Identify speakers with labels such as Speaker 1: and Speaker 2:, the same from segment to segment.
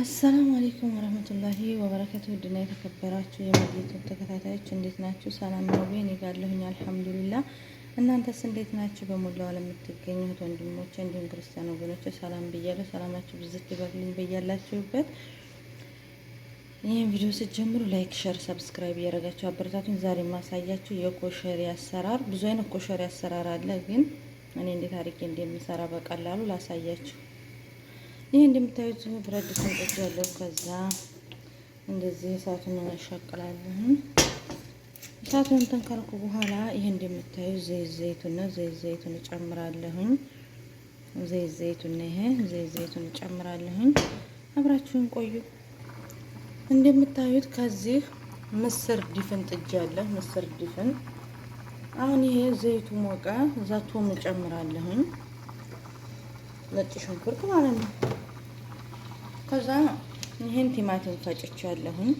Speaker 1: አሰላሙ አሌይኩም ወረህመቱላሂ ወበረከቱ። ውድና የተከበራችሁ የመድሊቱ ተከታታዮች እንዴት ናችሁ? ሰላም ነው ቤ እኔ ጋር አለሁኝ አልሐምዱሊላህ። እናንተስ እንዴት ናችሁ? በሞላው ዓለም የምትገኙ እህት ወንድሞቼ፣ እንዲሁም ክርስቲያን ወገኖች ሰላም ብያለሁ። ሰላማችሁ ብዝት ይበልልኝ በያላችሁበት። ይህን ቪዲዮ ስትጀምሩ ላይክ፣ ሸር፣ ሰብስክራይብ እያደረጋችሁ አበረታቱን። ዛሬ የማሳያችሁ የኮሸሪ አሰራር፣ ብዙ አይነት ኮሸሪ አሰራር አለ፣ ግን እኔ እንዴት አድርጌ እንደምሰራ በቀላሉ ላሳያችሁ ይህ እንደምታዩት ብረት ድስት ምጠጅ ያለው ከዛ እንደዚህ እሳቱን እናሻቅላለን። እሳቱን ተንከልኩ በኋላ ይህ እንደምታዩ ዘይት ዘይቱና ዘይ ዘይት ዘይቱን እጨምራለሁኝ። ዘይት ዘይቱን ይሄ ዘይት ዘይቱን እጨምራለሁኝ። አብራችሁን ቆዩ። እንደምታዩት ከዚህ ምስር ዲፍን ጥጃለሁ። ምስር ዲፍን አሁን ይሄ ዘይቱ ሞቀ። እዛ ቶም እጨምራለሁኝ። ነጭ ሽንኩርት ማለት ነው። ከዛ ይህን ቲማቲም ፈጭቻለሁኝ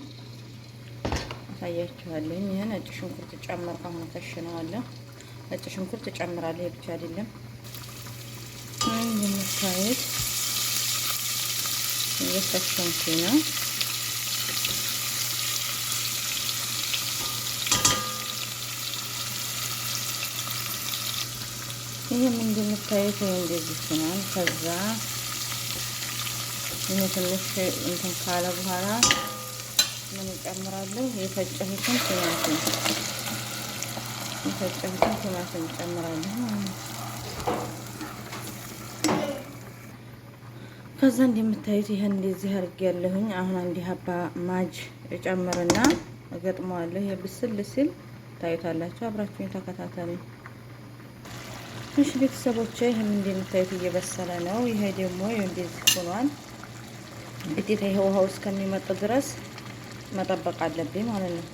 Speaker 1: አሳያችኋለሁኝ። ይህ ነጭ ሽንኩርት ጨምር አሁን ከሽነዋለሁ። ነጭ ሽንኩርት ጨምራለሁ። ብቻ አይደለም የምታየት እየፈሸንኩ ነው። ይህም እንደምታየት እንደዚህ ሆኗል። ከዛ ይህ ትንሽ እንትን ካለ በኋላ ምን እጨምራለሁ? የፈጨሁትን ቲማቲም የፈጨሁትን ቲማቲም እጨምራለሁ። ከዛ እንደምታዩት ይህን እንደዚህ ያለሁኝ አሁን አንድ ሀባ ማጅ እጨምርና እገጥመዋለሁ። ይሄ ብስል ሲል ታዩታላችሁ። አብራችሁን ተከታተሉ። እሺ ቤተሰቦቼ፣ ይህም እንደምታዩት እየበሰለ ነው። ይሄ ደግሞ እንደዚህ ሆኗል። ግዴታ ይሄ ውሃው እስከሚመጥ ድረስ መጠበቅ አለብኝ ማለት ነው።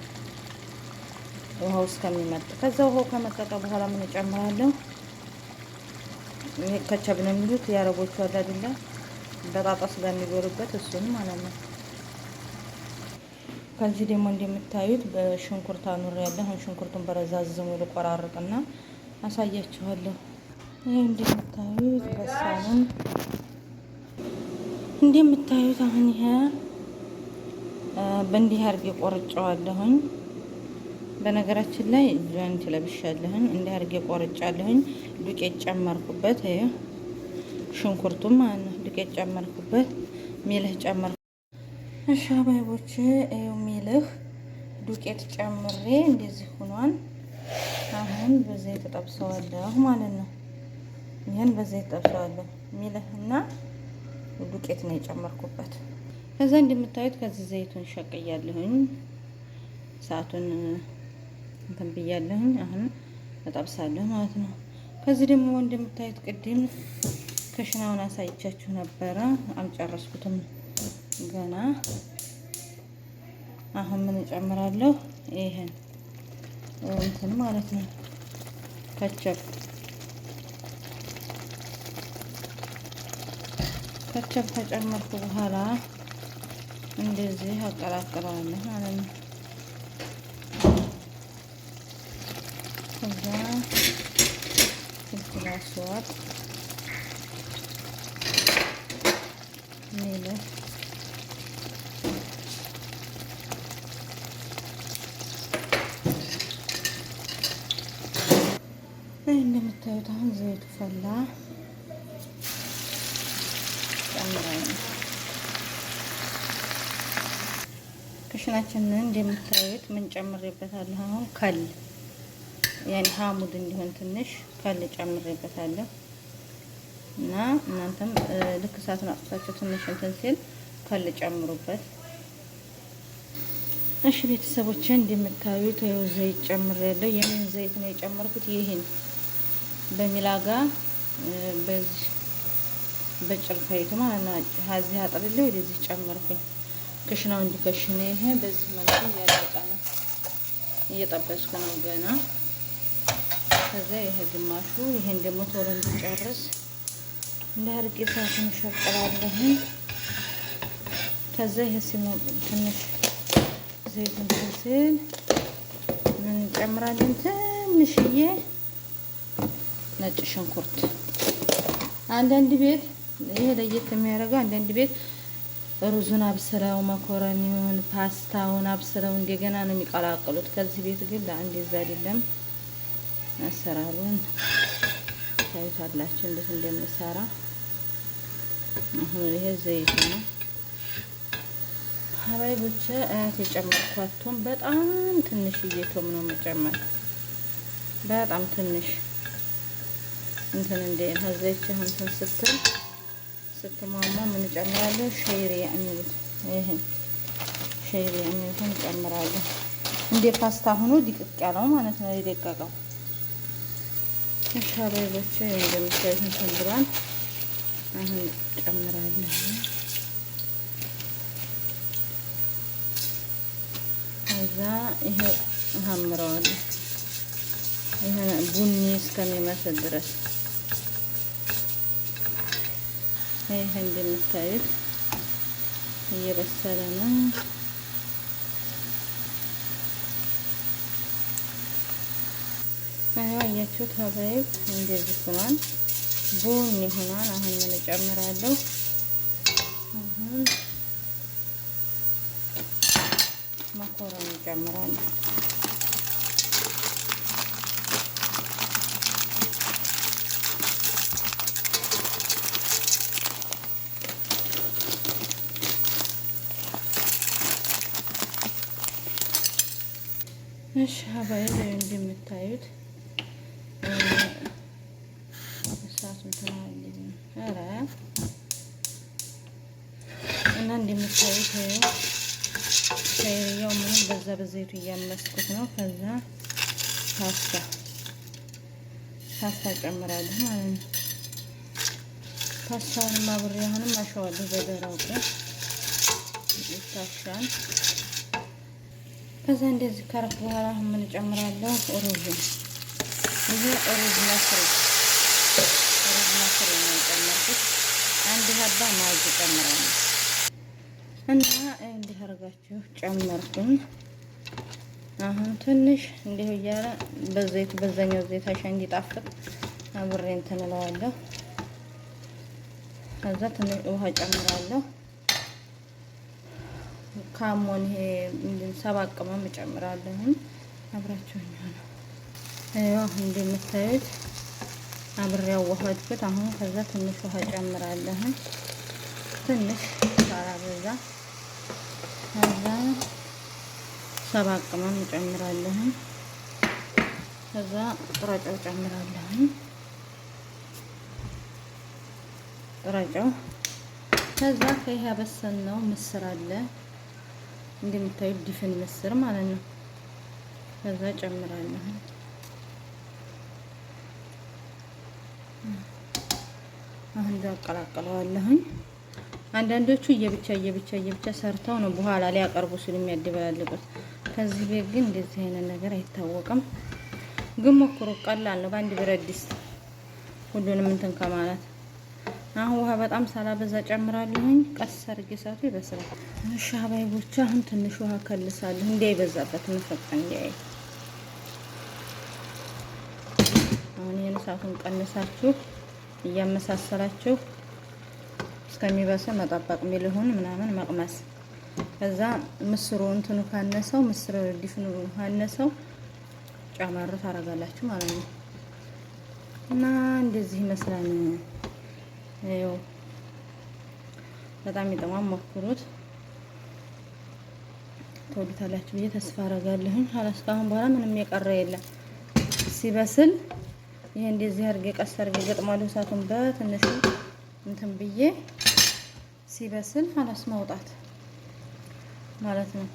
Speaker 1: ውሃው እስከሚመጥ ከዛ ውሃው ከመጠቀ በኋላ ምን እጨምራለሁ? ከቸብ ነው የሚሉት የአረቦቹ አለ አይደለ? በጣጣ ስለሚጎርበት እሱን ማለት ነው። ከዚህ ደግሞ እንደምታዩት በሽንኩርት አኑር ያለ አሁን ሽንኩርቱን በረዛዝሙ ልቆራርጥና አሳያችኋለሁ። ይህ እንደምታዩት በሳሉን እንደምታዩት አሁን ይሄ በእንዲህ አድርጌ ቆርጬዋለሁኝ። በነገራችን ላይ ጆይንት ለብሻለሁኝ። እንዲህ አድርጌ ቆርጬዋለሁኝ። ዱቄት ጨመርኩበት። ሽንኩርቱም ማለት ነው። ዱቄት ጨመርኩበት። ሚልህ ጨመርኩ። እሺ አባይቦቼ ይኸው ሚልህ ዱቄት ጨምሬ እንደዚህ ሆኗል። አሁን በዘይት ተጠብሰዋለሁ ማለት ነው። ይህን በዘይት ተጠብሰዋለሁ ሚልህና ዱቄት ነው የጨመርኩበት። ከዛ እንደምታዩት ከዚህ ዘይቱን ሸቅያለሁኝ። ሰዓቱን እንትን ብያለሁኝ። አሁን እጠብሳለሁ ማለት ነው። ከዚህ ደግሞ እንደምታዩት ቅድም ክሽናውን አሳይቻችሁ ነበረ። አልጨረስኩትም ገና። አሁን ምን እጨምራለሁ? ይሄን እንትን ማለት ነው ከቸብ ከቸብ ከጨመርኩ በኋላ እንደዚህ አቀላቅለዋለሁ ማለት ነው። ከዛ ፍልፍላስ ዋጥ ሌሎች እንደምታዩት አሁን ዘይቱ ፈላ። ጨምራለሁ። ክሽናችንን እንደምታዩት ምን ጨምሬበታለሁ? አሁን ከል ያኔ ሀሙድ እንዲሆን ትንሽ ከል ጨምሬበታለሁ እና እናንተም ልክ እሳቱን አጥፍታችሁ ትንሽ እንትን ሲል ከል ጨምሩበት። እሺ ቤተሰቦች እንደምታዩት ያው ዘይት ጨምሬያለሁ። የምን ዘይት ነው የጨመርኩት? ይህን በሚላጋ በዚህ በጭልፋይቱ ማለት ነው። ከዚህ አጥልሌ ወደዚህ ጨመርኩኝ። ክሽናው እንዲከሽን ይሄ በዚህ መልኩ እያለቀ ነው። እየጠበስኩ ነው ገና። ከዛ ይሄ ግማሹ ይሄን ደግሞ ቶሎ እንዲጨርስ እንዳርቅ የሳትን ሸቅላለሁኝ። ከዛ ይሄ ሲሞቅ ትንሽ ዘይት እንዲስል ምን እንጨምራለን? ትንሽዬ ነጭ ሽንኩርት አንዳንድ ቤት ይሄ ለየት የሚያደርገው አንዳንድ ቤት ሩዙን አብስለው መኮረኒውን፣ ፓስታውን አብስለው እንደገና ነው የሚቀላቅሉት። ከዚህ ቤት ግን ለአንድ እንደዛ አይደለም። አሰራሩን ታዩታላችሁ እንዴት እንደምሰራ። አሁን ይሄ ዘይት ነው ሀባይ ብቻ የጨመርኳት ቶም በጣም ትንሽ እየቶም ነው መጨመር በጣም ትንሽ እንትን እንደ ዘይት አሁን ስትል ስትሟሟ ምን እጨምራለሁ? ሼሪ የሚሉት ይህን ሼሪ የሚሉትን እጨምራለሁ። እንደ ፓስታ ሆኖ ድቅቅ ያለው ማለት ነው። የደቀቀው ሻቤሎች እንደምታዩትን ሽንብሯን አሁን ጨምራለሁ። ከዛ ይሄ እሀምረዋለሁ ይሄ ቡኒ እስከሚመስል ድረስ ይህ እንደምታዩት እየበሰለ ነው። ይኸው አያችሁት ሀባይብ እንደዚህ ሆኗል፣ ቡኒ ሆኗል። አሁን ምን እጨምራለሁ? አሁን መኮረኒ እጨምራለሁ። እሺ አባይ ላይ እንደምታዩት እሳቱን ተናልኝ አረ እና እንደምታዩት ከይርያው ምንም በዛ በዘይቱ እያመስኩት ነው። ከዛ ፓስታ ፓስታ ጨምራለሁ ማለት ነው። ፓስታውንም አብሬ አሁንም አሸዋለሁ በደረቁ ይታሻል። ከዛ እንደዚህ ካረፍ በኋላ ምን ጨምራለሁ? ሩዝ ይሄ ሩዝ መስሪ ሩዝ መስሪ ነው የጨመርኩት። አንድ ሀባ ማዝ ጨምራለሁ እና እንዲህ አርጋችሁ ጨመርኩኝ። አሁን ትንሽ እንዲሁ እያለ በዘይት በዛኛው አሻ እንዲጣፍጥ አብሬ እንትን እለዋለሁ። ከዛ ትንሽ ውሃ ጨምራለሁ። ካሞን ይሄ ሰባት ቅመም እጨምራለሁኝ። አብራችሁ ነው አሁን እንደምታዩት አብሬ አዋሃድኩት። አሁን ከዛ ትንሽ ውሃ እጨምራለሁኝ። ትንሽ ሳራ በዛ ከዛ ሰባት ቅመም እጨምራለሁኝ። ከዛ ጥረ ጨው እጨምራለሁኝ። ጥረ ጨው ከዛ ከይህ ያበሰልነው ምስር አለ እንደምታዩት ድፍን ምስር ማለት ነው። ከዛ ጨምራለሁ። አሁን አቀላቅለዋለሁኝ። አንዳንዶቹ እየብቻ እየብቻ እየብቻ ሰርተው ነው በኋላ ላይ አቀርቡ ሲሉ የሚያደበላልቁት። ከዚህ ቤት ግን እንደዚህ አይነት ነገር አይታወቅም። ግን ሞክሮ ቀላል ነው በአንድ ብረት ድስት ሁሉንም እንትን ከማለት አሁን ውሃ በጣም ሳላበዛ ጨምራለሁኝ። ቀስ አድርጌ እሳቱ ይበስላል። እሺ ሀባይቦች፣ አሁን ትንሽ ውሃ ከልሳለሁ እንዳይበዛበት መፈጠን እንዲያይ። አሁን ይህን እሳቱን ቀንሳችሁ እያመሳሰላችሁ እስከሚበስል መጠበቅ ሚልሆን ምናምን መቅመስ ከዛ ምስሩ እንትኑ ካነሰው ምስር ዲፍኑ ካነሰው ጨመር ታደርጋላችሁ ማለት ነው እና እንደዚህ ይመስላል። ይኸው በጣም ይጥማም። ሞክሩት፣ ተወዱታላችሁ ብዬ ተስፋ አደርጋለሁ። ሀላስ ካሁን በኋላ ምንም የቀረ የለም። ሲበስል ይሄ እንደዚህ አድርጌ ቀስ አድርጌ ገጥማለሁ። እሳቱን በትንሹ እንትን ብዬ ሲበስል ሀላስ ማውጣት ማለት ነው።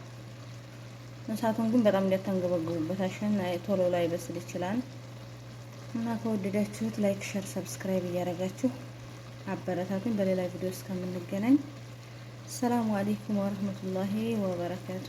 Speaker 1: እሳቱን ግን በጣም እንዳታንገበግቡበት፣ አሸን ቶሎ ላይ በስል ይችላል እና ከወደዳችሁት ላይክ፣ ሸር፣ ሰብስክራይብ እያደረጋችሁ አበረታቱኝ። በሌላ ቪዲዮ እስከምንገናኝ ሰላሙ አሌይኩም ወረህመቱላሂ ወበረካቱ።